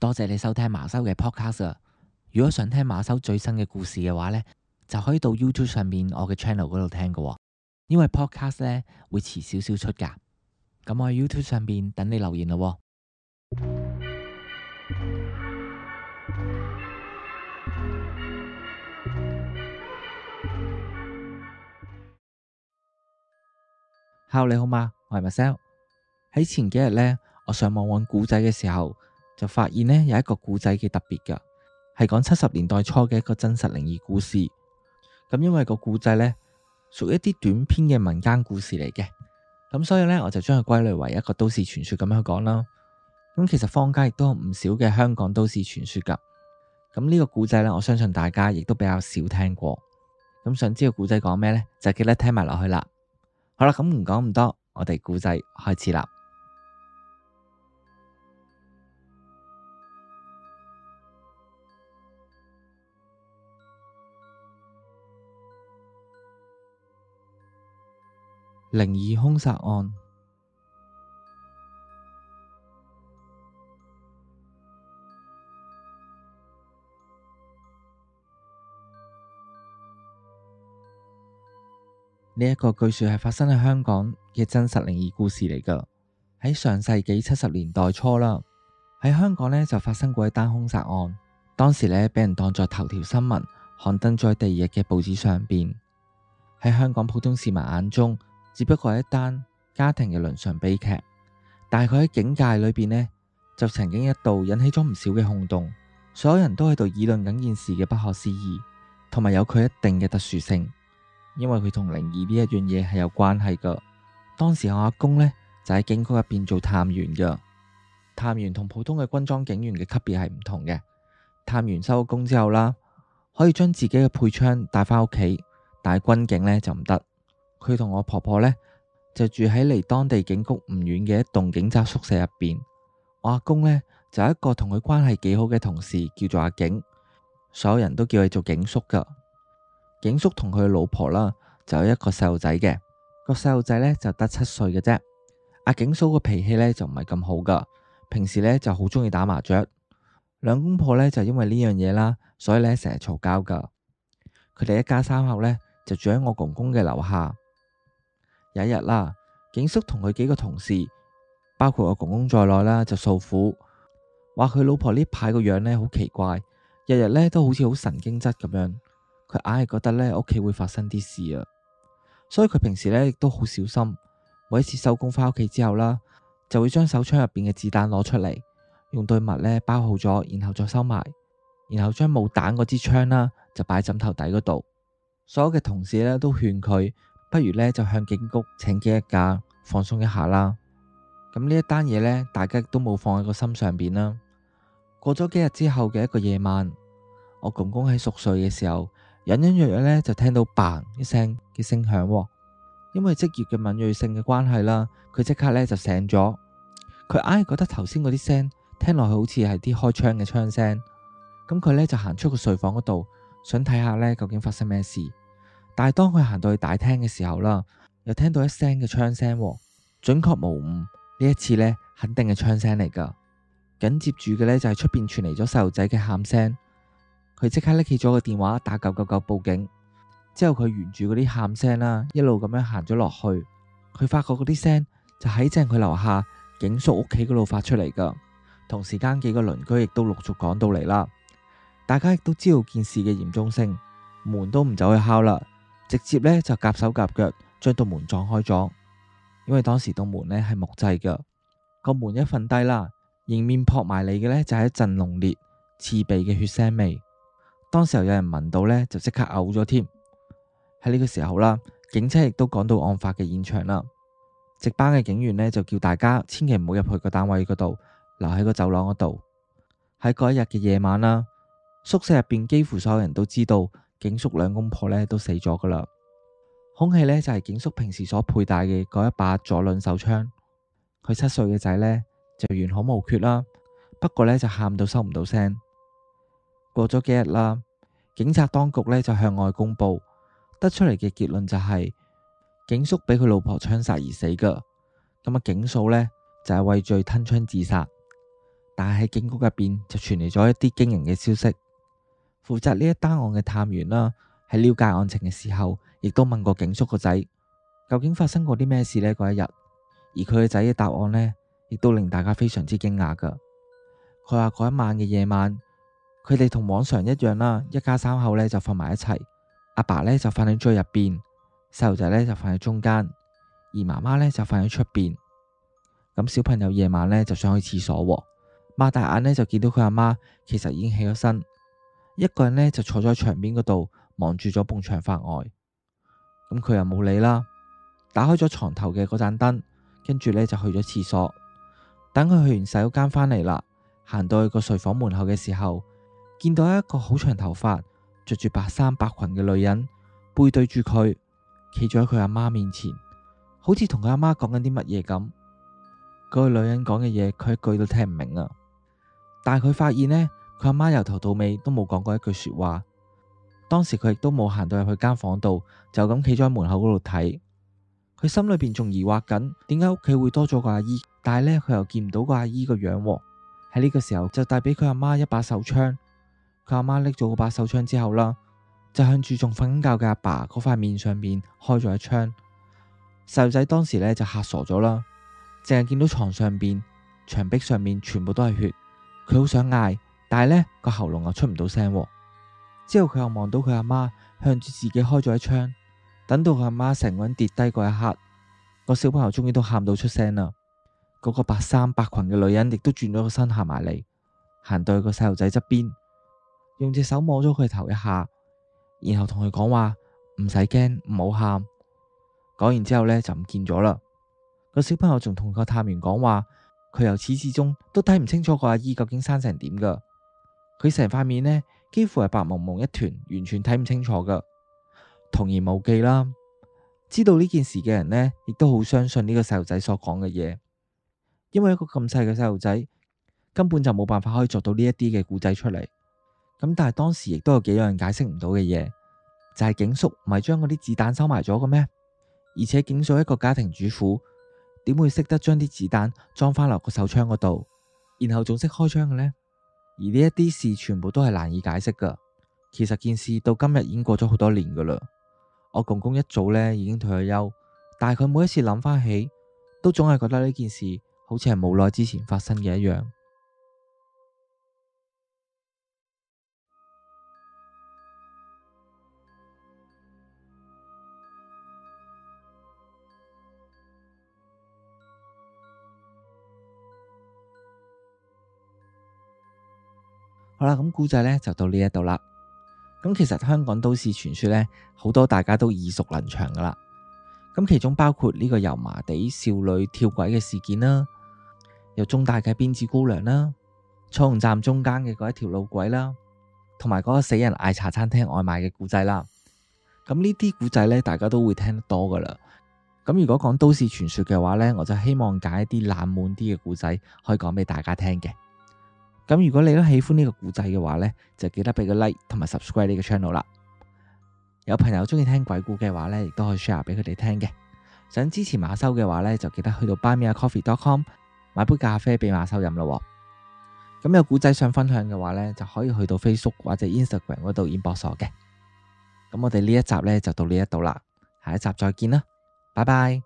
多謝你收聽馬修嘅 podcast。如果想聽馬修最新嘅故事嘅話呢，就可以到 YouTube 上面我嘅 channel 嗰度聽噶。因為 podcast 呢，會遲少少出噶。咁我喺 YouTube 上面等你留言咯。Hello，你好嗎？我係 Marcel。喺前幾日呢，我上網揾古仔嘅時候，就發現呢有一個故仔幾特別噶，係講七十年代初嘅一個真實靈異故事。咁因為個故仔呢，屬於一啲短篇嘅民間故事嚟嘅，咁所以呢，我就將佢歸類為一個都市傳說咁樣去講啦。咁其實坊間亦都有唔少嘅香港都市傳說噶。咁、這、呢個故仔呢，我相信大家亦都比較少聽過。咁想知道個故仔講咩呢？就記得聽埋落去啦。好啦，咁唔講咁多，我哋故仔開始啦。靈異凶殺案呢一個，據說係發生喺香港嘅真實靈異故事嚟㗎。喺上世紀七十年代初啦，喺香港呢就發生過一單凶殺案，當時呢，俾人當作頭條新聞刊登在第二日嘅報紙上邊。喺香港普通市民眼中。只不過係一單家庭嘅倫常悲劇，但係佢喺警界裏邊呢，就曾經一度引起咗唔少嘅轟動，所有人都喺度議論緊件事嘅不可思議，同埋有佢一定嘅特殊性，因為佢同靈異呢一樣嘢係有關係噶。當時我阿公呢，就喺警區入邊做探員噶，探員同普通嘅軍裝警員嘅級別係唔同嘅，探員收咗工之後啦，可以將自己嘅配槍帶返屋企，但係軍警呢，就唔得。佢同我婆婆呢，就住喺離當地警局唔遠嘅一棟警察宿舍入邊。我阿公呢，就有一個同佢關係幾好嘅同事，叫做阿景，所有人都叫佢做景叔噶。景叔同佢老婆啦就有一個細路仔嘅，個細路仔呢，就得七歲嘅啫。阿景嫂個脾氣呢，就唔係咁好噶，平時呢，就好中意打麻雀。兩公婆呢，就因為呢樣嘢啦，所以呢，成日嘈交噶。佢哋一家三口呢，就住喺我公公嘅樓下。有一日啦，警叔同佢幾個同事，包括我公公在內啦，就訴苦，話佢老婆呢排個樣呢，好奇怪，日日呢都好似好神經質咁樣，佢硬係覺得呢屋企會發生啲事啊，所以佢平時呢亦都好小心，每一次收工翻屋企之後啦，就會將手槍入邊嘅子彈攞出嚟，用對襪呢包好咗，然後再收埋，然後將冇彈嗰支槍啦就擺枕頭底嗰度。所有嘅同事呢，都勸佢。不如呢，就向警局請幾日假放鬆一下啦。咁呢一單嘢呢，大家都冇放喺個心上邊啦。過咗幾日之後嘅一個夜晚，我公公喺熟睡嘅時候，隱隱約約呢，就聽到「嘭」一聲嘅聲響。因為職業嘅敏銳性嘅關係啦，佢即刻呢就醒咗。佢硬係覺得頭先嗰啲聲聽落去好似係啲開槍嘅槍聲。咁佢呢就行出個睡房嗰度，想睇下呢究竟發生咩事。但係當佢行到去大廳嘅時候啦，又聽到一聲嘅槍聲，準確無誤呢一次呢，肯定係槍聲嚟噶。緊接住嘅呢，就係出邊傳嚟咗細路仔嘅喊聲，佢即刻拎起咗個電話打九九九報警。之後佢沿住嗰啲喊聲啦，一路咁樣行咗落去，佢發覺嗰啲聲就喺正佢樓下警叔屋企嗰度發出嚟噶。同時間幾個鄰居亦都陸續趕到嚟啦，大家亦都知道件事嘅嚴重性，門都唔走去敲啦。直接咧就夾手夾腳將道門撞開咗，因為當時道門呢係木製嘅，個門一瞓低啦，迎面撲埋嚟嘅呢，就係一陣濃烈刺鼻嘅血腥味，當時候有人聞到呢，就即刻嘔咗添。喺呢個時候啦，警車亦都趕到案發嘅現場啦，值班嘅警員呢，就叫大家千祈唔好入去個單位嗰度，留喺個走廊嗰度。喺嗰一日嘅夜晚啦，宿舍入邊幾乎所有人都知道。警叔兩公婆咧都死咗噶啦，凶器咧就係、是、警叔平時所佩戴嘅嗰一把左輪手槍，佢七歲嘅仔咧就完好無缺啦，不過咧就喊到收唔到聲。過咗幾日啦，警察當局咧就向外公布，得出嚟嘅結論就係、是、警叔俾佢老婆槍殺而死噶，咁啊警嫂咧就係、是、畏罪吞槍自殺。但係喺警局入邊就傳嚟咗一啲驚人嘅消息。負責呢一單案嘅探員啦，喺了解案情嘅時候，亦都問過警叔個仔，究竟發生過啲咩事呢？嗰一日，而佢個仔嘅答案呢，亦都令大家非常之驚訝噶。佢話嗰一晚嘅夜晚，佢哋同往常一樣啦，一家三口呢就瞓埋一齊，阿爸呢就瞓喺最入邊，細路仔呢就瞓喺中間，而媽媽呢就瞓喺出邊。咁小朋友夜晚呢就上去廁所，擘大眼呢就見到佢阿媽其實已經起咗身。一個人呢，就坐咗喺牆邊嗰度，望住咗埲牆發呆。咁佢又冇理啦，打開咗床頭嘅嗰盞燈，跟住呢就去咗廁所。等佢去完洗手間返嚟啦，行到去個睡房門口嘅時候，見到一個好長頭髮、着住白衫白裙嘅女人背對住佢，企咗喺佢阿媽面前，好似同佢阿媽講緊啲乜嘢咁。嗰個女人講嘅嘢，佢一句都聽唔明啊！但係佢發現呢。佢阿媽由頭到尾都冇講過一句說話。當時佢亦都冇行到入去間房度，就咁企咗喺門口嗰度睇。佢心裏邊仲疑惑緊，點解屋企會多咗個阿姨？但係呢，佢又見唔到個阿姨個樣喎。喺呢個時候就帶俾佢阿媽一把手槍。佢阿媽拎咗嗰把手槍之後啦，就向住仲瞓緊覺嘅阿爸嗰塊面上面開咗一槍。細路仔當時呢，就嚇傻咗啦，淨係見到床上邊、牆壁上面全部都係血，佢好想嗌。但係呢個喉嚨又出唔到聲，之後佢又望到佢阿媽向住自己開咗一槍，等到佢阿媽成個人跌低嗰一刻，個小朋友終於都喊到出聲啦。嗰個白衫白裙嘅女人亦都轉咗個身行埋嚟，行到個細路仔側邊，用隻手摸咗佢頭一下，然後同佢講話，唔使驚，唔好喊。講完之後呢，就唔見咗啦。個小朋友仲同個探員講話，佢由始至終都睇唔清楚個阿姨究竟生成點噶。佢成塊面呢幾乎係白濛濛一團，完全睇唔清楚噶。童言無忌啦，知道呢件事嘅人呢，亦都好相信呢個細路仔所講嘅嘢，因為一個咁細嘅細路仔，根本就冇辦法可以作到呢一啲嘅故仔出嚟。咁但係當時亦都有幾樣解釋唔到嘅嘢，就係警叔唔係將嗰啲子彈收埋咗嘅咩？而且警嫂一個家庭主婦，點會識得將啲子彈裝翻落個手槍嗰度，然後仲識開槍嘅呢？而呢一啲事全部都係難以解釋噶。其實件事到今日已經過咗好多年噶啦。我公公一早咧已經退咗休，但係佢每一次諗翻起，都總係覺得呢件事好似係冇耐之前發生嘅一樣。好啦，咁古仔呢就到呢一度啦。咁其實香港都市傳說呢，好多大家都耳熟能詳噶啦。咁其中包括呢個油麻地少女跳軌嘅事件啦，有中大嘅辮子姑娘啦，彩虹站中間嘅嗰一條路軌啦，同埋嗰個死人嗌茶餐廳外賣嘅古仔啦。咁呢啲古仔呢，大家都會聽得多噶啦。咁如果講都市傳說嘅話呢，我就希望揀一啲冷門啲嘅故仔，可以講俾大家聽嘅。咁如果你都喜歡呢個古仔嘅話呢，就記得俾個 like 同埋 subscribe 呢個 channel 啦。有朋友中意聽鬼故嘅話呢，亦都可以 share 俾佢哋聽嘅。想支持馬修嘅話呢，就記得去到 buymeacoffee.com 買杯咖啡俾馬修飲咯。咁、嗯、有古仔想分享嘅話呢，就可以去到 Facebook 或者 Instagram 嗰度 inbox 我嘅。咁我哋呢一集呢就到呢一度啦,下一集再見啦，拜拜。